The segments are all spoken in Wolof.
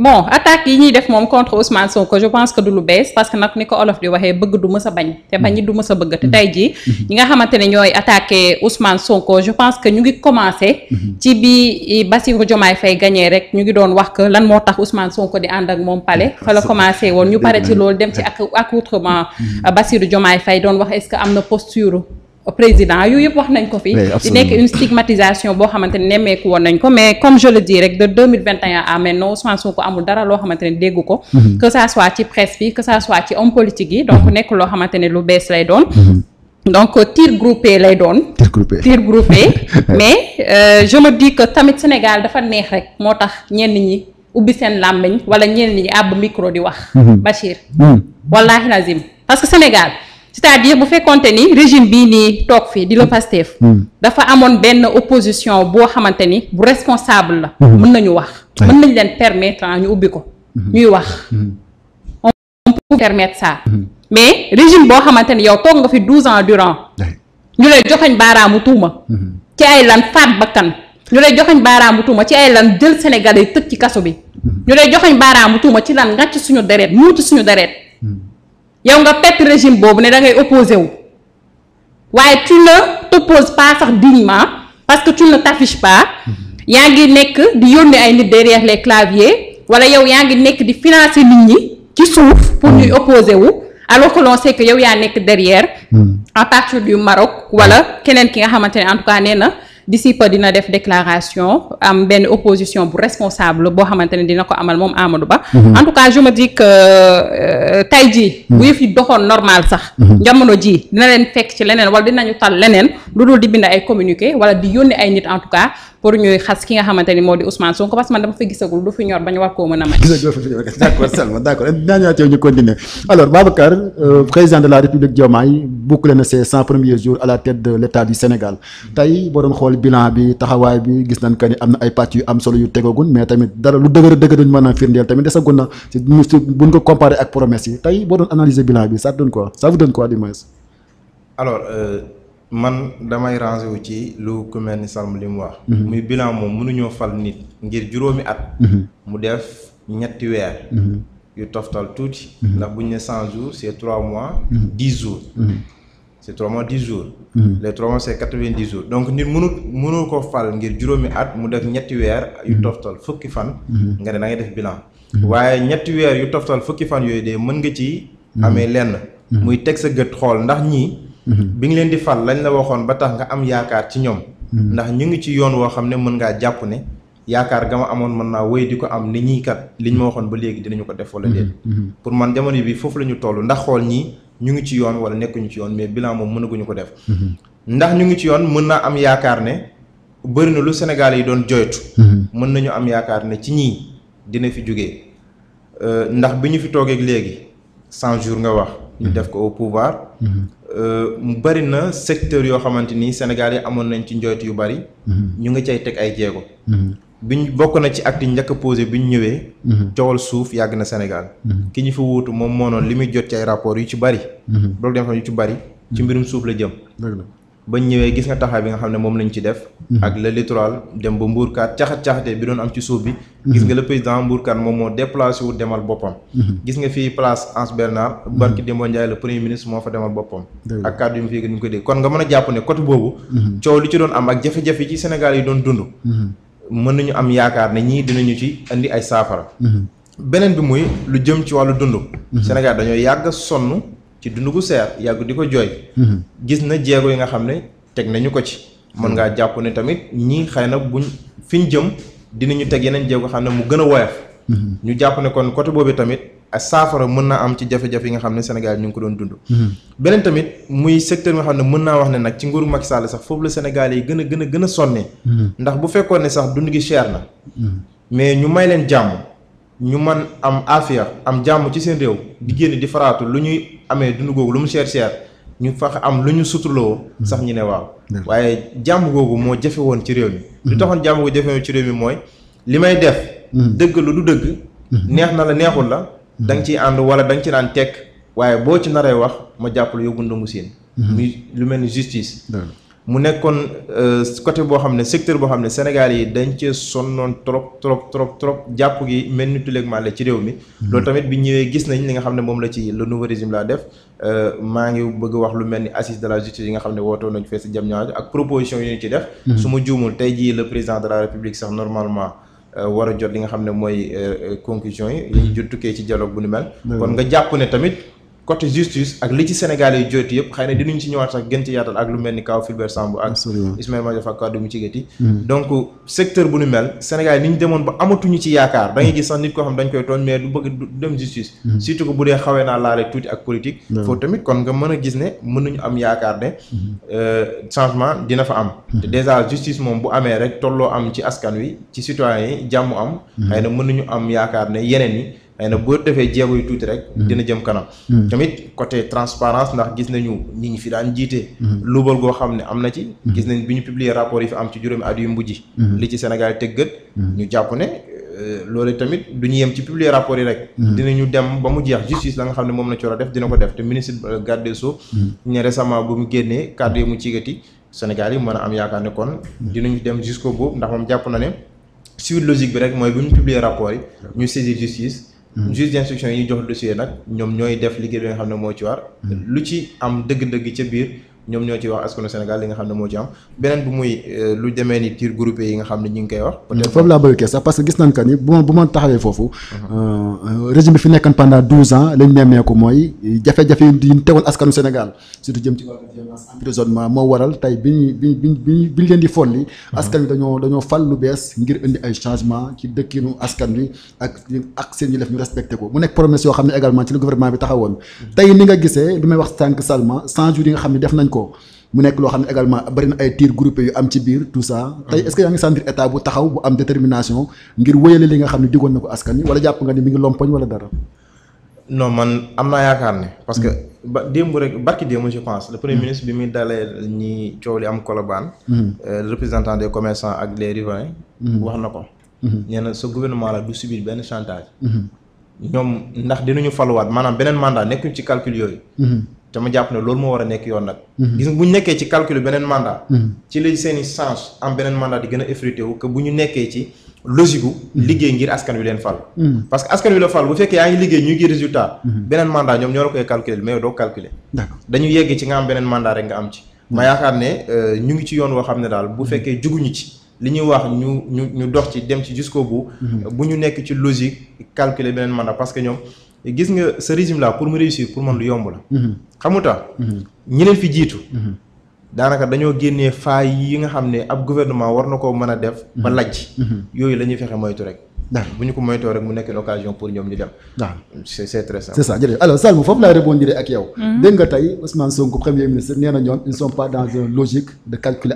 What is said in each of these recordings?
bon attaque yi ñuy def moom contre Ousmane Sonko je pense que du lu bees parce que nag ni ko olof di waxee bëgg du mës a bañ te bañ du mës a bëgg te mm-hmm. tey jii mm-hmm. ñi nga xamante ne ñooy attaque Ousmane Sonko je pense que ñu ngi commencer mm-hmm. ci bi Bassirou Diomaye fay gañee rek ñu ngi doon wax lan moo tax Ousmane Sonko di ànd ak moom pale ah, fa la commencé woon ñu pare ci loolu dem ci ak accoutrement Bassirou jomaay fay doon wax est-ce que am na posture Euh, président yu yëpp wax nañ ko fi di nekk une stigmatisation boo xamante ne nemmeeku woon nañ ko mais comme je le dis rek de 2021 à maintenant Ousmane Sonko amul dara loo xamante ne dégg ko mm-hmm. que ça soit ci presse bi que ça soit ci homme politique yi donc nekk loo xamante ne lu bees lay doon mm-hmm. donc euh, tir groupé lay doon tir groupé mais euh, je me dis que tamit Sénégal dafa neex rek moo tax ñenn ñi ubbi seen làmmiñ wala ñenn ñi àbb micro di wax mm-hmm. Bachir cest à bu fekkonte ni régime bii nii toog fii di la Pastef hmm. dafa amoon benn opposition boo xamante ni bu responsable la hmm. mën nañu wax mën nañ leen permettre ñu ubbi ko hmm. ñuy wax on peut permettre mais régime boo xamante ni yow toog nga fi douze ans durant ñu lay joxoñ baaraamu tuuma ci ay lan faat bakkan ñu lay joxoñ baaraamu tuuma ci ay lan jël Sénégal yi tëj ci kaso bi ñu lay joxoñ baaraamu tuuma ci lan ngàcc suñu deret muuti suñu deret yow nga pett régime boobu ne da ngay opposé wu waaye tu ne t'opposes pas sax dignement parce que tu ne t'affiches mm-hmm. yaa ngi nekk di yónni ay nit derrière les claviers wala yow yaa ngi nekk di financer nit ñi ci suuf pour ñuy mm-hmm. opposé wu alors que l'on yow yaa nekk derrière mm-hmm. à partir yu Maroc wala keneen ki nga xamante ne en tout na di peu dina def déclaration am benn opposition bu responsable boo xamante ne dina ko amal moom Amadou Ba. Mhm. en tout cas je me dis euh, tey jii. bu mhm. yëf yi doxoon normal sax. Mhm. jamono jii dina leen fekk ci leneen wala dinañu tal leneen lu dul di bind ay communiqué wala di yónni ay nit en tout cas. pour ñuy xas ki nga xamante ni moo di Ousmane Sonko parce que man dama fa gisagul du fi ba ñu war koo mën a may. gisagul fi ñor d'accord ñu continuer alors Babacar euh, président de la République Diomaye cent premiers jours à la tête de l'État du Sénégal tey boo doon xool bilan bi taxawaay bi gis nañ que am na ay pàcc yu am solo yu tegogun mais tamit dara lu dëgër dëgër ñu mën a firndeel tamit desagun na buñ ko comparé ak promesse yi tey boo doon analyser bilan bi ça donne man damay rangé wu ci lu ku mel ni Salm li mu wax. Mhm. muy bilan moom mënuñoo fal nit ngir juróomi at. Mhm. mu def ñetti weer. Mhm. yu toftal tuuti. ndax bu ñu ne cent jours c' est trois mois. dix jours. c' est trois mois dix jours. les est quatre vingt dix jours donc nit mënul mënul ko fal ngir juróomi at mu def ñetti weer yu toftal fukki fan. nga ne da def bilan. waaye ñetti weer yu toftal fukki fan yooyu de mën nga ci amee lenn. muy teg sa gët xool ndax ñi Mhm. bi nga leen di fal lañ la waxoon ba tax nga am yaakaar ci ñoom. Mhm. ndax ñu ngi ci yoon woo xam ne mën ngaa jàpp ne yaakaar ga ma amoon mën naa wéy di ko am ni ñii kat li liñ ma mhm. waxoon ba léegi dinañu ko def wala déet. pour man jamono bi foofu la ñu toll ndax xool ñii ñu ngi ci yoon wala nekkuñu ci yoon mais bilan moom mënaguñu ko def. ndax ñu ngi ci yoon mën naa am yaakaar ne bëri na lu senegal yi doon joytu. mën nañu am yaakaar ne ci ñii dina fi jógee euh, ndax bi ñu fi toogee léegi cent jours nga wax. ñu def ko Euh, mu bëri na secteur yoo xamante ni Sénégal yi amoon nañ ci njoytu yu bëri. Mm-hmm. ñu nga cay teg ay jéego. Mm-hmm. biñ bokk na ci acte njëkk a bi ñu ñëwee. Mm-hmm. coowal suuf yàgg na Sénégal. ki ñu fi wuutu moom moo noonu li muy jot ci ay rapport yu ci bëri. bloc d'information yu ci bari ci mbirum suuf la jëm. bañ ñëwee gis nga taxaw bi nga xam ne moom lañ ci def mhm. ak le littoral dem ba mbuurkaat caxat-caxatee bi doon am ci suuf bi mhm. gis nga le président mbuurkaat moom moo déplacé wu demal boppam mhm. gis nga fii place Anse Bernard barki Demba Ndiaye le premier ministre moo fa demal boppam ak kàddu yi mu fii ñu ko dégg kon nga mën a jàpp ne côté boobu coow li ci doon am ak jafe-jafe ci Sénégal yi doon dund mën nañu am yaakaar ne ñii dinañu ci indi ay saafara beneen bi muy lu jëm ci wàllu dund Sénégal dañoo yàgg sonn ci dund gu seer yàgg di ko jooy. Mhm. gis na jéego yi nga xam ne teg nañu ko ci. mën ngaa mhm. jàpp ne tamit ñii xëy na buñ fi ñu jëm dinañu teg yeneen jéego xam ne mu gën a woyof. Mhm. ñu jàpp ne kon côté boobu tamit ak saafara mën naa am ci jafe-jafe yi nga xam ne Sénégal ñu ngi ko doon dund. beneen tamit muy secteur nga xam ne mën naa wax ne nag ci nguuru mag Sall sax foofu la Sénégal yi gën a gën a gën a sonnee. ndax bu fekkoon ne sax dund gi cher na. mais ñu may leen jàmm. ñu man am afiya am jàmm ci seen réew di génn di faraatu lu ñuy amee dund googu lu mu cher cher ñu fax am lu ñu sutuloo sax ñu ne waaw waaye jàmm googu moo jafe woon ci réew mi lu taxoon jàmm googu jafe woon ci réew mi mooy li may def hmm. dëgg lu du dëgg hmm. neex na la neexul la hmm. da ciy ànd wala da ci daan tekk waaye boo ci naree wax ma jàppale yóbbu ndongu seen lu mel ni justice mu nekkoon euh, côté boo xam ne secteur boo xam ne Sénégal yi dañ cee sonnoon trop trop trop trop jàpp gi mel ni tuleegment la ci réew mi hmm. loolu tamit bi ñëwee gis nañ li nga xam ne moom la ci le nouveau régime laa def euh, maa ngi bëgg wax lu mel ni assise de la justice yi nga xam ne wootoo nañ fee si jam ñaajo ak proposition yi ñu ci def hmm. su ma juumul tey jii le président de la république sax normalement euh, war a jot li nga xam ne mooy conclusion yi hmm. li ñu jot tukkee ci dialogue bu ni nga jàpp tamit côté justice ak li ci Sénégal yi yëpp xëy na dinañ ci ñëwaat sax gën ci yaatal ak lu ni kaw Fulbert Sambou ak Ismaïla Madior hmm. bu nu mel Sénégal yi ñu demoon ba amatuñu ci yaakaar hmm. da ngay gis sax nit koo xam dañ koy tooñ mais du bëgg du dem justice hmm. surtout bu dee xawee naa laale tuuti ak politique foofu kon nga mën a gis ne nañu am yaakaar ne euh, changement dina fa am te déjà justice moom bu amee rek tolloo am ci askan wi ci citoyens yi jàmm am xëy mën nañu am yaakaar ne yeneen yi xëy na boo defee jéego yu tuuti rek. Hmm. dina jëm kanam. Hmm. tamit côté transparence ndax gis nañu ñi ñu fi daan jiite. Hmm. luubal goo xam ne am na ci. gis nañ bi ñu publier rapport yi fi am ci juróomi at yu mujj. li ci Sénégal tëggat. ñu jàpp ne euh, loolu tamit du ñu yem ci publier rapport yi rek. dinañu dem ba mu jeex justice la nga xam ne moom na ci def dina ko def te ministre euh, garde des ña ne récemment mu génnee kàddu yi mu ciigati Sénégal yi mën a am yaakaar ne kon. dinañu dem jusqu'au bout ndax moom jàpp na ne suite logique bi rek mooy bu ñu publier rapport yi. ñu saisir Mm. juge d'instruction yi jox dossier nag ñoom ñooy def liggéey bi nga xam ne moo ci war. Mm. lu ci am dëgg-dëgg ca biir ñoom ñoo ci wax askanu Sénégal li nga xam ne moo ci am beneen bi muy euh, lu demee ni tir groupé yi nga xam ne ñu ngi koy wax peut-être foofu laa bëgg sax parce que gis nañ que ni bu ma mhm. euh, régime bi fi nekkoon pendant douze ans lañ nemmeeku mooy jafe-jafe jëm ci wàllu violence moo waral tey bi ñu bi bi bi ñu leen di folli mhm. askan wi dañoo dañoo fal lu bees ngir indi ay changement ci dëkkinu askan wi ak ak seen yi def ñu respecté ko mhm. yi nga xam ne def nañ ko ko mu nekk loo xam ne également bari na ay tirs groupés yu am ci biir tout ça. tey est yaa ngi sentir état bu taxaw bu am détermination ngir wéyale li nga xam ne digoon na ko askan wi jàpp nga ni mi ngi lompoñ wala dara. non man am naa yaakaar ne. parce que ba démb rek barki démb je pense le premier hmm. ministre bi muy dalee ñi coow li am Colobane. Hmm. Euh, le représentant de commerçants ak les riverains. Hmm. wax na ko. nee na sa gouvernement la du subir benn chantage. ñoom ndax dinañu faluwaat maanaam beneen mandat nekkuñ ci calcul yooyu. te ma jàpp ne loolu moo war a nekk yoon nag. Mhm. gis nga bu nekkee ci calcul beneen mandat. Mhm. ci la seen i sens am beneen mandat di gën a effrité wu bu ñu nekkee ci logique gu. Mhm. liggéey ngir askan wi leen fal. parce que askan wi la fal bu ngi liggéey ñuy gis résultat. beneen mandat ñoom ñoo koy calculer mais doo calculer. dañu yegg ci nga am beneen mandat rek nga am ci. ma yaakaar ne euh, ñu ngi ci yoon woo xam ne daal bu fekkee juguñu ci. li ñuy wax ñu ñu ñu dox ci dem ci jusqu'au bout. bu ñu nekk ci logique calculer beneen mandat parce que ñoom gis nga ce régime là pour mu réussir pour man lu yomb la. xamuta mhm. ñi leen fi jiitu mhm. daanaka dañoo génne faay yi nga xam ne ab gouvernement war na koo mën a def. ba mhm. lajj. Mhm. yooyu lañuy fexe moytu rek. d'accord bu ñu ko moytoo rek mu nekk une pour ñoom ñu dem. waaw c'est c'est très simple. c'est ça jërëjëf alors Salma foofu laay rebondir ak yow. Mhm. dégg nga tey Ousmane Sonko premier ministre nee na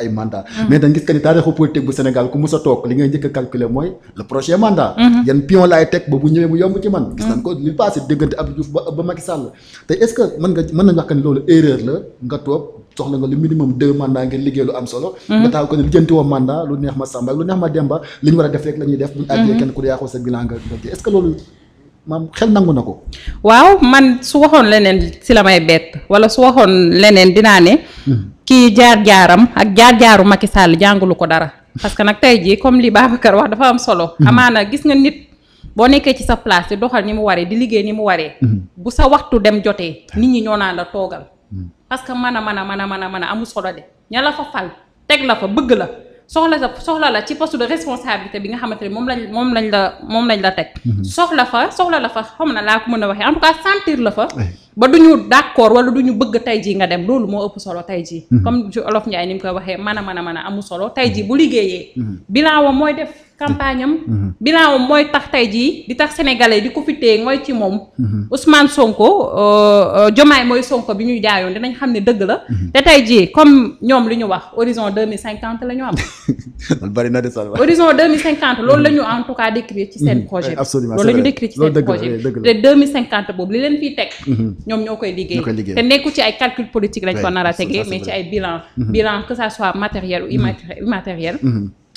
ay mandats. mais dañ gis que ni taarixu politique bu Sénégal ku mus a toog li ngay njëkk a calculer mooy le prochain mandat. yan pion laay teg ba bu ñëwee bu yomb ci man. gis nañ ko li passé déggante Abdou Diouf ba ba Macky Sall. te est-ce que mën nga mën nañu wax que ni loolu erreur la nga toog. soxla nga lu minimum deux mandats ngir liggéey lu am solo mhm. nga taxaw ko ne lijjanti woo mandat lu neex ma Samba lu neex ma Demba li ñu war a def rek la ñuy def buñu àggee mhm. kenn ku yaaxoo sa bilan nga nga est-ce que loolu maam xel nangu na ko. waaw man su waxoon leneen si la may bett wala su waxoon leneen dinaa ne. Mhm. kii jaar jaaram ak jaar jaaru Macky Sall jàngulu ko dara. parce que nag tey jii comme li Babacar wax dafa am solo. amaana gis nga nit boo nekkee ci sa place di doxal ni mu waree di liggéey ni mu waree. bu sa waxtu dem jotee nit ñi ñoo naan la toogal. parce que mën a mën a a mën a a amul solo de ña la fa fal teg la fa bëgg la soxla sa soxla la ci poste de responsabilité bi nga xamante ne moom lañ moom lañ la moom lañ la teg. Mhm. soxla fa soxla la fa xam na laa ko mën a waxee en tout sentir la fa. ba du ñu d'accord wala du ñu bëgg tey jii nga dem loolu moo ëpp solo tey jii. Mhm. comme olof Ndiaye ni mu koy waxee mën a mën a mën a amul solo tey jii mhm. bu liggéeyee. bilan wa mooy def. campagne am. Mhm. bilan am mooy tax tey jii di tax sénégalais di ko fi téye mooy ci moom. Mhm. Ousmane Sonko euh, euh, Diomaye mooy Sonko bi ñuy jaayoon dinañ xam ne dëgg la. Mhm. te tey jii comme ñoom li ñu wax horizon deux mille cinquante am. bari na de loolu la en tout cas décrire ci seen projet. absolument loolu la ñu ci seen projet boobu li leen fiy teg. ñoom ñoo koy liggéey te nekku ci ay calcul politique lañ ko nar tegee mais ci ay bilan bilan que ça soit matériel immatériel.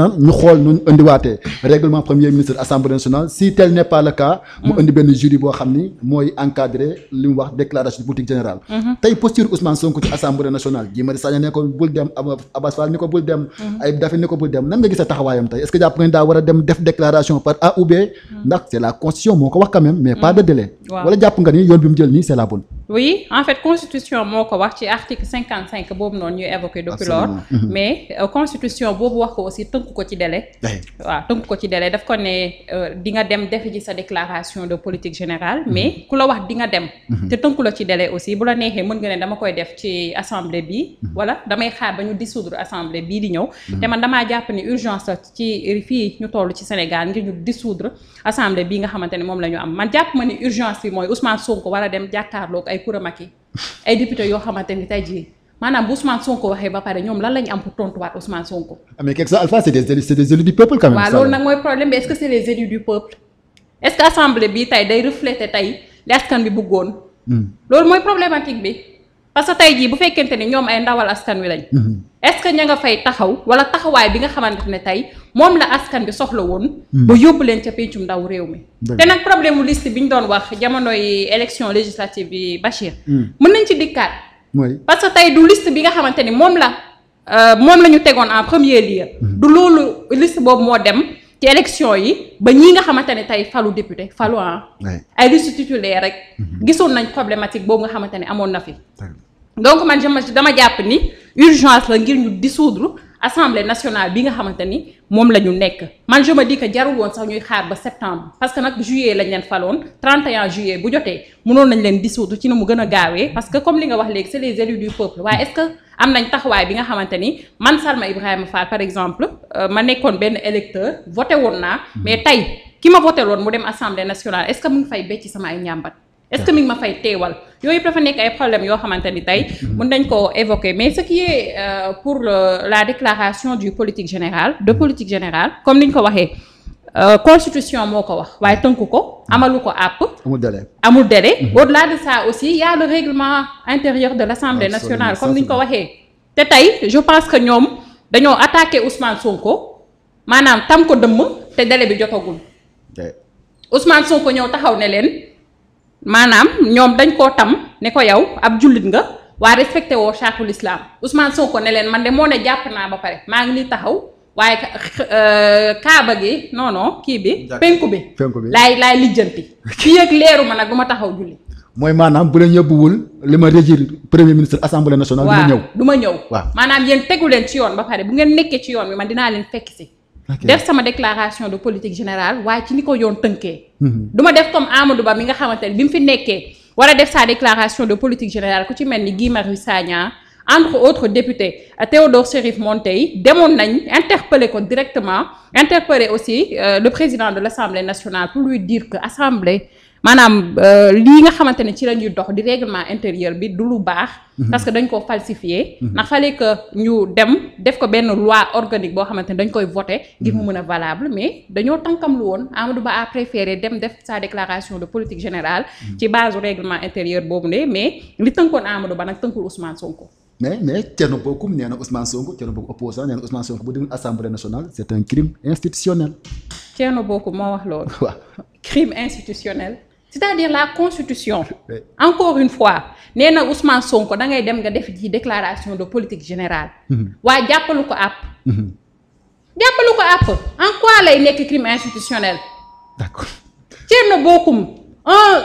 naan ñu xool nu indiwaatee règlement premier ministre assemblée nationale si tel n'est pas le mu mm-hmm. indi benn jury boo xam ni mooy encadré li mu wax déclaration de politique mm-hmm. tey posture Ousmane Sonko ci assemblée nationale Guy Marius Sagna ne ko bul dem Abass Fall ni ko bul dem. Mm-hmm. Ayib Daffé ni ko bul dem nan nga gisee taxawaayam tey est jàpp nga daa war a dem def déclaration par A ou ndax c'est la moo ko wax quand mais pas de délai. wala jàpp tënk ko ci délai. waaw ko ci délai daf ko ne euh, di nga dem defe ji sa déclaration de politique générale mhm. mais ku la wax di nga dem. Mhm. te tënku la ci délai aussi bu la neexee mën nga ne dama koy def ci assemblée bi. Mhm. wala damay xaar ba ñu dissoudre assemblée bii di ñëw. te man damaa jàpp ni urgence la ci fii ñu toll ci Sénégal ngir ñu dissoudre assemblée bi nga xamante ne moom la ñu am man jàpp ma ni urgence bi mooy Ousmane Sonko war a dem jàkkaarloog ay kuramaki ay député yoo maanaam bu Ousmane Sonko waxee ba pare ñoom lan la ñu am pour tontuwaat Ousmane Sonko. Ah, mais quelque part Alpha c'est des élus c'est des loolu nag mooy problème bi est-ce que du peuple est-ce bi tey day refléter tey li askan bi bëggoon. Hmm. loolu mooy problématique bi parce que tey jii bu fekkente ni ñoom ay ndawal askan wi lañ. Hmm. est-ce que ña nga fay taxaw wala taxawaay bi nga xamante ne tey moom la askan bi soxla woon. Hmm. ba yóbbu leen ca pencum ndaw réew mi. te nag problème mu liste bi ñu doon wax jamonoy élection législative bi Bachir. parce que tey du liste bi nga xamante ni moom la euh, moom la ñu tegoon en premier lieu. Mhm. du loolu list boobu moo dem ci élection yi ba ñii nga xamante ne tey falu député falu ah. ay liste titulaire rek. Mhm. gisoon nañ problématique boobu nga xamante ne amoon na fi. donc man dama jàpp ni urgence la ngir ñu dissoudre. assemblée nationale bi nga xamante ni moom la ñu nekk man je me dis que woon sax ñuy xaar ba septembre parce que nag juillet lañ leen faloon 31 juillet bu jotee mënoon nañ leen dissoudre ci na mu gën a gaawee parce que comme li nga wax léegi c'est les élus du peuple waaye est-ce que am nañ taxawaay bi nga xamante ni man Salma Ibrahima Fall par exemple euh, ma nekkoon benn électeur voté woon naa mhm. mais tey ki ma voté woon mu dem assemblée nationale est-ce que fay becc sama ay njàmbat est ma fay teewal yooyu dafa nekk ay problèmes yoo xamante ni tey mën mhm. nañ ko évoquer mais ce qui est euh, pour la déclaration du politique générale de politique générale comme ni ñu ko waxee euh, constitution moo ko wax waaye tënku ko amalu ko àpp. amul délai amul délai. Mhm. au-delà de ça aussi y a le règlement intérieur de l'Assemblée nationale comme ni ñu ko waxee. te tey je pense que ñoom dañoo attaqué Ousmane Sonko maanaam tam ko dëmm te délai bi jotagul. Eh. Ousmane Sonko ñëw taxaw ne leen. maanaam ñoom dañ koo tam ne ko yow ab jullit nga waa respecté woo chaatul islam Ousmane Sonko ne leen man de moo ne jàpp naa ba pare maa ngi ni taxaw waaye euh, kaaba gi non non kii bi. penku bi penku bi laay laay lijjanti. fii ak leeru ma nag du ma taxaw julli. mooy maanaam bu leen yóbbuwul li ma régir premier ministre assemblée nationale. du ma ñëw waaw du ma ñëw. waaw maanaam yéen tegu leen ci yoon ba pare bu ngeen nekkee ci yoon bi man dinaa leen fekk si. def sama déclaration de politique générale waaye ci ni ko yoon tënkee. Mhm. du def comme Amadou Ba mi nga xamante ne bi mu fi nekkee war a def sa déclaration de politique générale ku ci mel ni Guy Marius Sagna entre autres députés euh, Théodore moon tey demoon nañ interpeller ko directement interpeller aussi euh, le président de l'Assemblée nationale pour lui dire que assemblée. maanaam euh, lii nga xamante ne ci la ñuy dox di règlement intérieur bi du lu baax. Mhm. parce que dañ koo falsifié. Mhm. ndax fallait que ñu dem def ko benn loi organique boo xamante ne dañ koy voté. ngir mu mhm. mën a valable mais dañoo tànkam lu woon Amadou Ba a préféré dem def sa déclaration de politique générale. ci base règlement intérieur boobu ne mais li tënkoon Amadou Ba nag tënkul Ousmane Sonko. mais mais Thierno Bocoum nee na Ousmane Sonko Thierno Bocoum opposant nee na Ousmane Sonko bu demul assemblée nationale c' est un crime institutionnel. moo wax loolu. waaw crime institutionnel. c'est-à-dire la constitution encore une fois nee na Ousmane Sonko da ngay dem nga def ji déclaration de politique générale mhm. waaye jàppalu ko àpp mhm. jàppalu ko àpp en lay nekk crime institutionnel d'accord Thierno Bocoum un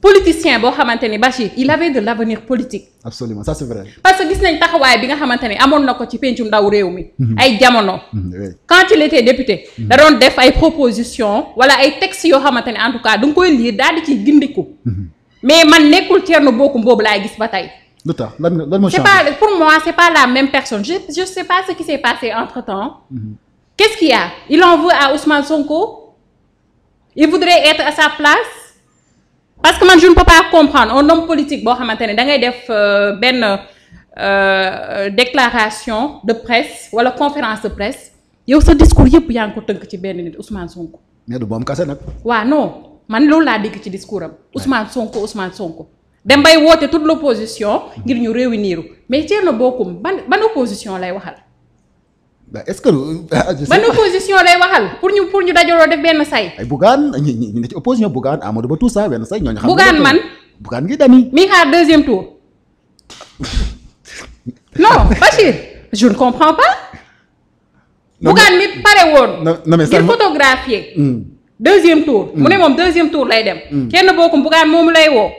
politicien boo xamante ni Bachir il avait de l' avenir politique. absolument ça c' est vrai. parce que gis nañ taxawaay bi nga xamante amoon na ko ci péncum ndaw réew mi. Mhm. ay jamono. Mhm, quand il était député. Mhm. da def ay propositions wala ay textes yoo xamante ni en tout cas du nga koy lire daal di ciy gindiku. mais man nekkul Thierno Bocoum boobu laay gis ba tey. lu tax lan lan moo. c' est pas pour moi c' pas la même personne je je pas ce qui s' est passé entre temps. qu' est ce qu' il y a il Sonko. il voudrait sa place. parce que man je ne peux comprendre un homme politique boo xamante ne dangay ngay def euh, benn euh, déclaration de presse wala conférence de presse yow sa discours yëpp yaa ngi ko tënk ci benn nit Ousmane Sonko. mais du moom kase nag. waa non man loolu laa dikk ci discours am Ousmane Sonko Ousmane Sonko dem bay woote tout l' opposition ngir ñu réunir mais Thierno Bocoum ban ban opposition lay waxal. est-ce que. Ah, ban lay waxal pour ñu pour ñu dajaloo def benn say. ay Bougane ñu ñu ne ci opposition Bougane Amadou Ba tout ça benn say ñooñu. man Bougane ngi dami. mi xaar deuxième tour. non Bachir je ne comprends pas. non mi pare woon. ngir photographier. Hmm. deuxième tour. Hmm. mu ne moom deuxième tour lay dem. Hmm. kenn bokkum Bougane moom lay woo.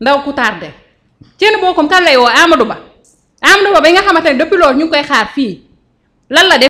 ndaw ku tardé. kenn bokkum kan lay woo Amadou Ba. am na Ba bi nga xamante ne depuis ñu ngi koy xaar fii lan la def.